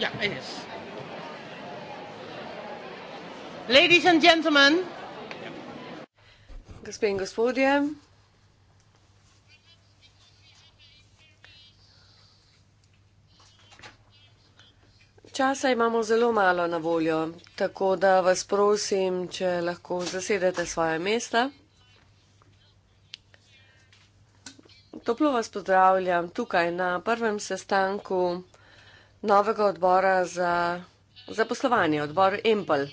Ja, it is. Ladies and gentlemen. Gospe in gospodje. Časa imamo zelo malo na voljo, tako da vas prosim, če lahko zasedete svoje mesta. Toplo vas pozdravljam tukaj na prvem sestanku novega odbora za zaposlovanje, odbor Empel.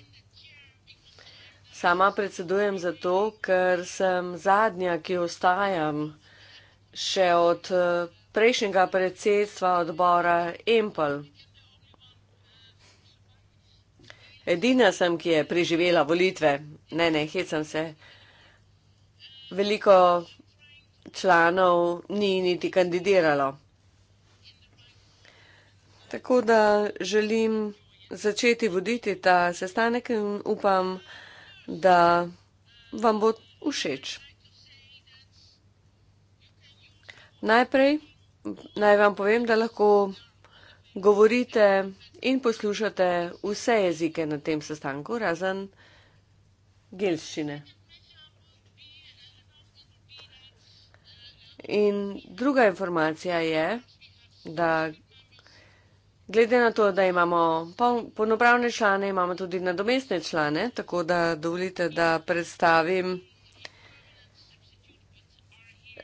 Sama predsedujem zato, ker sem zadnja, ki ostajam še od eh, prejšnjega predsedstva odbora Empel. Edina sem, ki je preživela volitve. Ne, ne, hecam se. Veliko članov ni niti kandidiralo. Tako da želim začeti voditi ta sestanek in upam, da vam bo všeč. Najprej naj vam povem, da lahko govorite in poslušate vse jezike na tem sestanku, razen gelščine. In druga informacija je, da Glede na to, da imamo polnopravne člane, imamo tudi nadomestne člane, tako da dovolite, da predstavim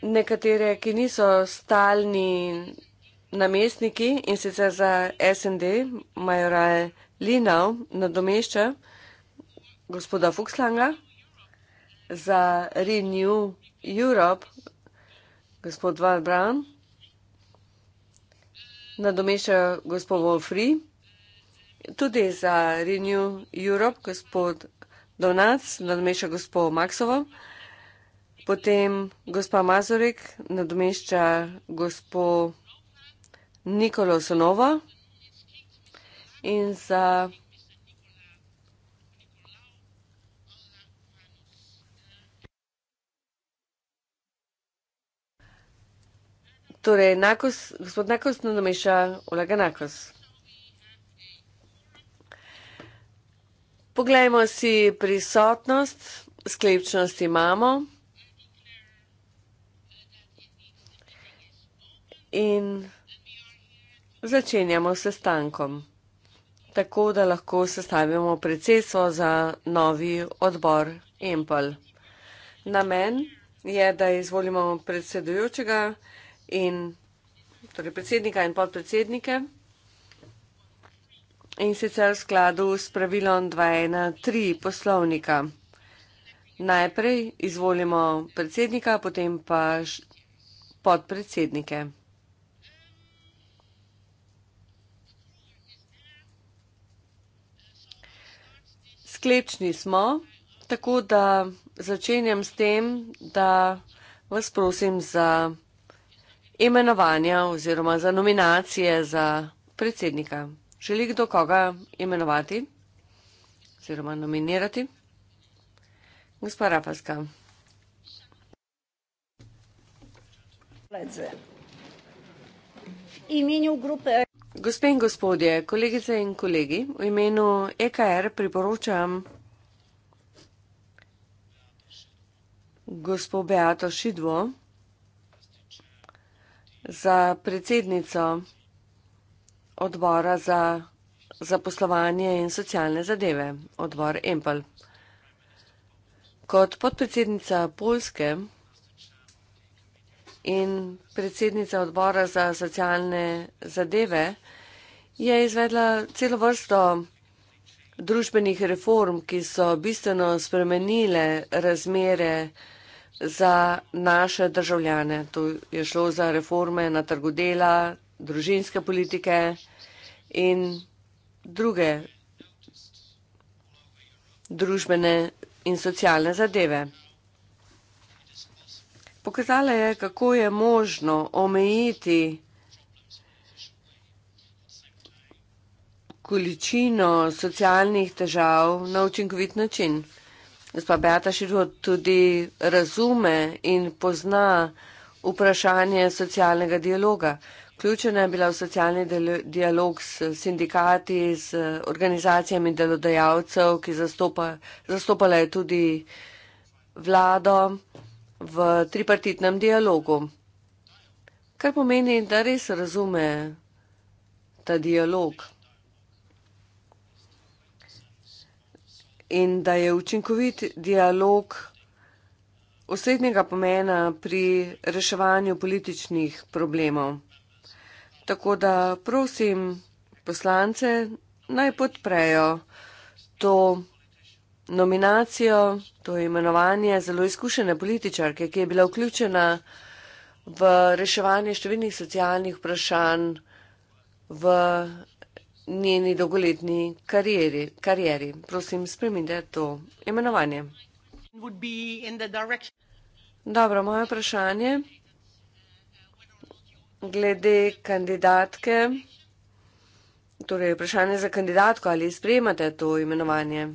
nekatere, ki niso stalni namestniki in sicer za SND, majoraj Linov, nadomešča gospoda Fuxlanga, za Renew Europe, gospod Val Brown nadomešča gospod Wolfri, tudi za Renew Europe gospod Donac, nadomešča gospod Maksovo, potem gospa Mazurek nadomešča gospod Nikolo Sonova in za Torej, nakos, gospod Nakos no, nadomeša Olega Nakos. Poglejmo si prisotnost, sklepčnost imamo. In začenjamo s sestankom, tako da lahko sestavimo predsedstvo za novi odbor EMPL. Namen je, da izvolimo predsedujočega in torej predsednika in podpredsednike. In sicer v skladu s pravilom 2.1.3 poslovnika. Najprej izvolimo predsednika, potem pa podpredsednike. Sklepčni smo, tako da začenjam s tem, da vas prosim za imenovanja oziroma za nominacije za predsednika. Želi kdo koga imenovati oziroma nominirati? Gospa Rafalska. E. Gospe in gospodje, kolegice in kolegi, v imenu EKR priporočam gospod Beato Šidvo za predsednico odbora za zaposlovanje in socialne zadeve, odbor EMPL. Kot podpredsednica Polske in predsednica odbora za socialne zadeve je izvedla celo vrsto družbenih reform, ki so bistveno spremenile razmere vsega, za naše državljane. Tu je šlo za reforme na trgu dela, družinske politike in druge družbene in socialne zadeve. Pokazala je, kako je možno omejiti količino socialnih težav na učinkovit način. Gospa Beata Širvo tudi razume in pozna vprašanje socialnega dialoga. Ključena je bila v socialni dialog s sindikati, z organizacijami delodajalcev, ki zastopa, zastopala je tudi vlado v tripartitnem dialogu. Kar pomeni, da res razume ta dialog. in da je učinkovit dialog osrednjega pomena pri reševanju političnih problemov. Tako da prosim poslance naj podprejo to nominacijo, to imenovanje zelo izkušene političarke, ki je bila vključena v reševanje številnih socialnih vprašanj v njeni dolgoletni karieri, karieri. Prosim, spremite to imenovanje. Dobro, moje vprašanje glede kandidatke, torej vprašanje za kandidatko, ali spremate to imenovanje?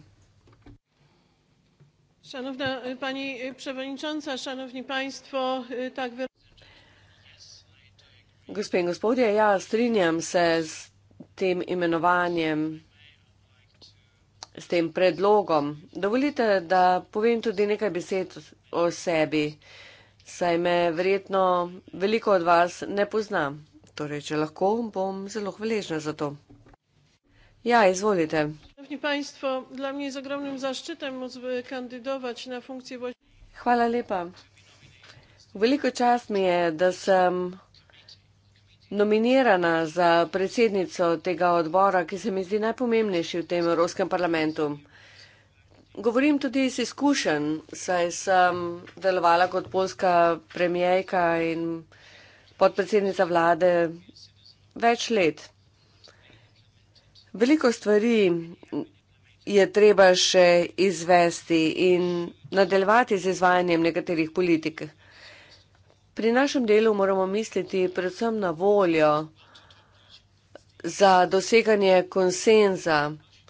Šanovna pani prevodnica, šanovni panjstvo, tako veliko. Gospe in gospodje, ja, strinjam se s tem imenovanjem, s tem predlogom. Dovolite, da povem tudi nekaj besed o sebi, saj me verjetno veliko od vas ne pozna. Torej, če lahko, bom zelo hvaležna za to. Ja, izvolite. Hvala lepa. Veliko čast mi je, da sem nominirana za predsednico tega odbora, ki se mi zdi najpomembnejši v tem Evropskem parlamentu. Govorim tudi iz izkušenj, saj sem delovala kot polska premijejka in podpredsednica vlade več let. Veliko stvari je treba še izvesti in nadaljevati z izvajanjem nekaterih politik. Pri našem delu moramo misliti predvsem na voljo za doseganje konsenza,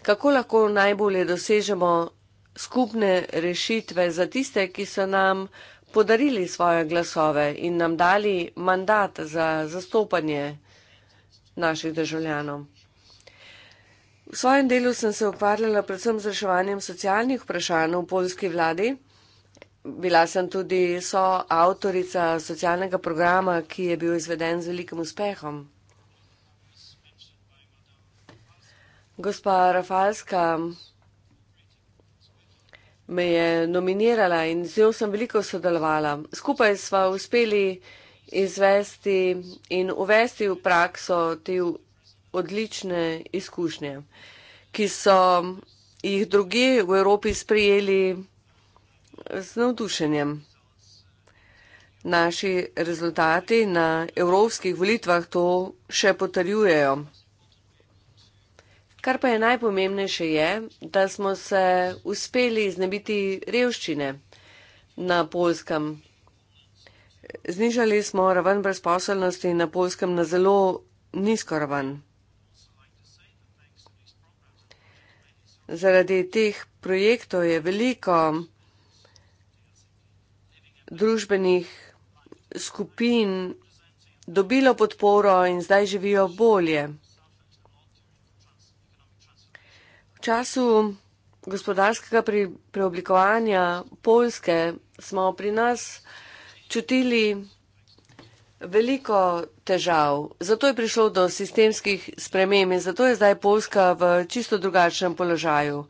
kako lahko najbolje dosežemo skupne rešitve za tiste, ki so nam podarili svoje glasove in nam dali mandat za zastopanje naših državljanov. V svojem delu sem se ukvarjala predvsem z reševanjem socialnih vprašanj v polski vladi. Bila sem tudi soavtorica socialnega programa, ki je bil izveden z velikim uspehom. Gospa Rafalska me je nominirala in z njo sem veliko sodelovala. Skupaj smo uspeli izvesti in uvesti v prakso te odlične izkušnje, ki so jih drugi v Evropi sprijeli z navdušenjem. Naši rezultati na evropskih volitvah to še potrjujejo. Kar pa je najpomembnejše je, da smo se uspeli znebiti revščine na polskem. Znižali smo raven brezposelnosti na polskem na zelo nizko raven. Zaradi teh projektov je veliko družbenih skupin dobilo podporo in zdaj živijo bolje. V času gospodarskega pre preoblikovanja Poljske smo pri nas čutili veliko težav. Zato je prišlo do sistemskih sprememb in zato je zdaj Poljska v čisto drugačnem položaju.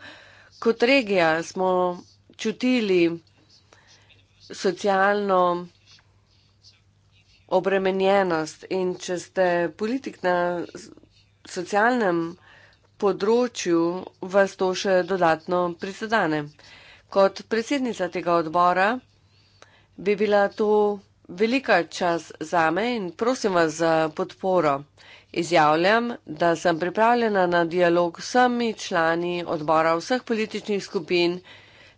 Kot regija smo čutili, socialno obremenjenost in če ste politik na socialnem področju, vas to še dodatno prisedane. Kot predsednica tega odbora bi bila to velika čas za me in prosim vas za podporo. Izjavljam, da sem pripravljena na dialog s vsemi člani odbora vseh političnih skupin,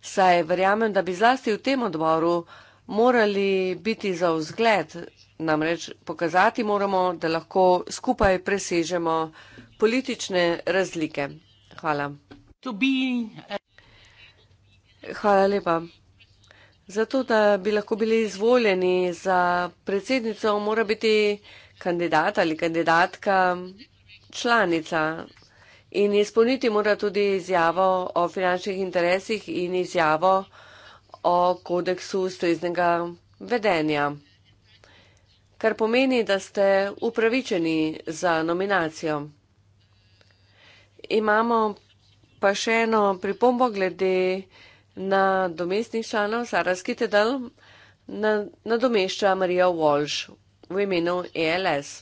saj verjamem, da bi zlasti v tem odboru morali biti za vzgled, namreč pokazati moramo, da lahko skupaj presežemo politične razlike. Hvala. Hvala lepa. Zato, da bi lahko bili izvoljeni za predsednico, mora biti kandidat ali kandidatka članica in izpolniti mora tudi izjavo o finančnih interesih in izjavo o kodeksu ustreznega vedenja, kar pomeni, da ste upravičeni za nominacijo. Imamo pa še eno pripombo glede na domestnih članov Sara Skitedal, nadomešča na Marija Walsh v imenu ELS.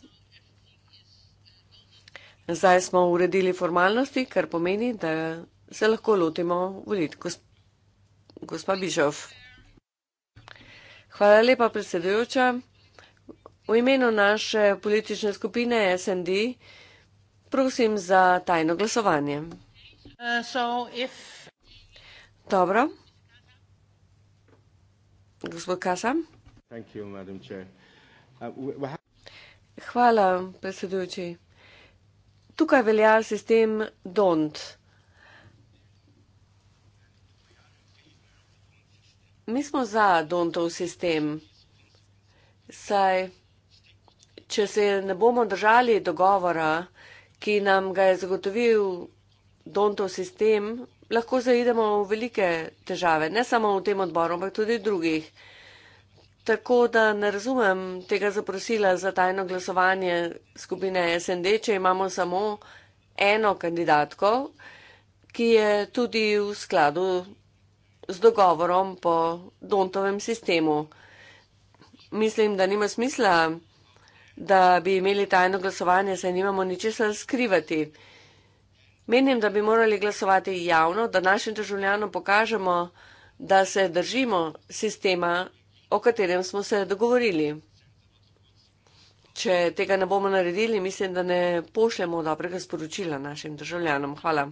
Zdaj smo uredili formalnosti, kar pomeni, da se lahko lotimo volit. Gospa Bižov. Hvala lepa, predsedujoča. V imenu naše politične skupine SND prosim za tajno glasovanje. Uh, so, if... Dobro. Gospod Kasa. Uh, Hvala, predsedujoči tukaj velja sistem don't. Mi smo za don'tov sistem, saj če se ne bomo držali dogovora, ki nam ga je zagotovil don'tov sistem, lahko zaidemo v velike težave, ne samo v tem odboru, ampak tudi drugih. Tako da ne razumem tega zaprosila za tajno glasovanje skupine SND, če imamo samo eno kandidatko, ki je tudi v skladu z dogovorom po Dontovem sistemu. Mislim, da nima smisla, da bi imeli tajno glasovanje, saj nimamo ničesar skrivati. Menim, da bi morali glasovati javno, da našim državljanom pokažemo, da se držimo sistema o katerem smo se dogovorili. Če tega ne bomo naredili, mislim, da ne pošljemo dobrega sporočila našim državljanom. Hvala.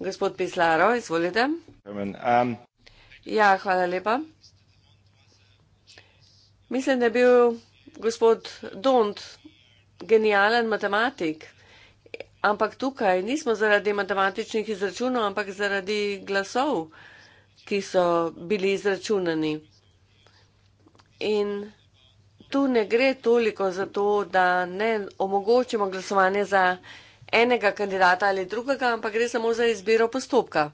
Gospod Pislaro, izvolite. Um, ja, hvala lepa. Mislim, da je bil gospod Dont genijalen matematik, ampak tukaj nismo zaradi matematičnih izračunov, ampak zaradi glasov ki so bili izračunani. In tu ne gre toliko za to, da ne omogočimo glasovanje za enega kandidata ali drugega, ampak gre samo za izbiro postopka.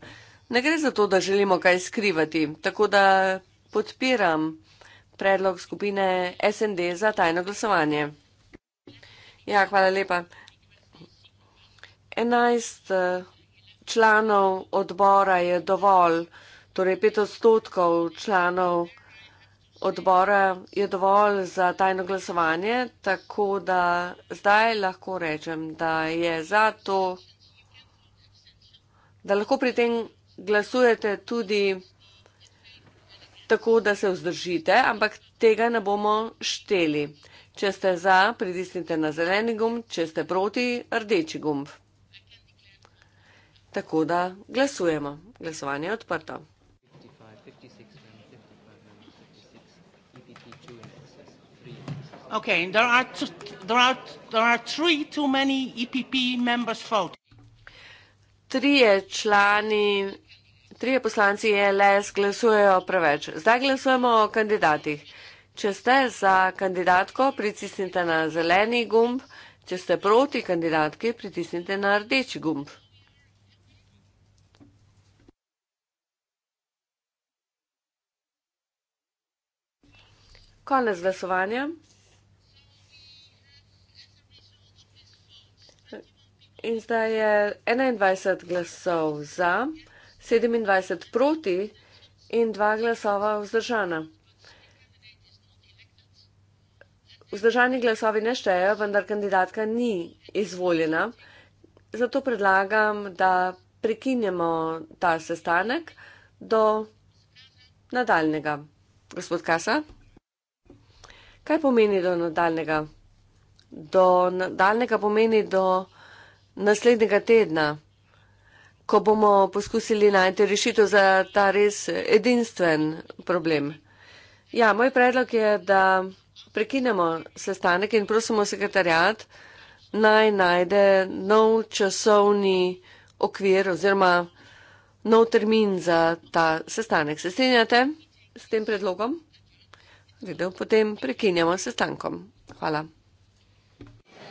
Ne gre za to, da želimo kaj skrivati. Tako da podpiram predlog skupine SND za tajno glasovanje. Ja, hvala lepa. 11 eh, članov odbora je dovolj torej pet odstotkov članov odbora je dovolj za tajno glasovanje, tako da zdaj lahko rečem, da je za to, da lahko pri tem glasujete tudi tako, da se vzdržite, ampak tega ne bomo šteli. Če ste za, pritisnite na zeleni gumb, če ste proti, rdeči gumb. Tako da glasujemo. Glasovanje je odprto. Okay, and there are t there are t there are three too many EPP members vote. Trije člani, trije poslanci LS glasujejo preveč. Zdaj glasujemo o kandidatih. Če ste za kandidatko, pritisnite na zeleni gumb. Če ste proti kandidatki, pritisnite na rdeči gumb. Konec glasovanja. in zdaj je 21 glasov za, 27 proti in dva glasova vzdržana. Vzdržani glasovi ne štejejo, vendar kandidatka ni izvoljena. Zato predlagam, da prekinjamo ta sestanek do nadaljnega. Gospod Kasa, kaj pomeni do nadaljnega? Do nadaljnega pomeni do naslednjega tedna, ko bomo poskusili najti rešitev za ta res edinstven problem. Ja, moj predlog je, da prekinemo sestanek in prosimo sekretarjat naj najde nov časovni okvir oziroma nov termin za ta sestanek. Se strinjate s tem predlogom? Video potem prekinjamo sestankom. Hvala.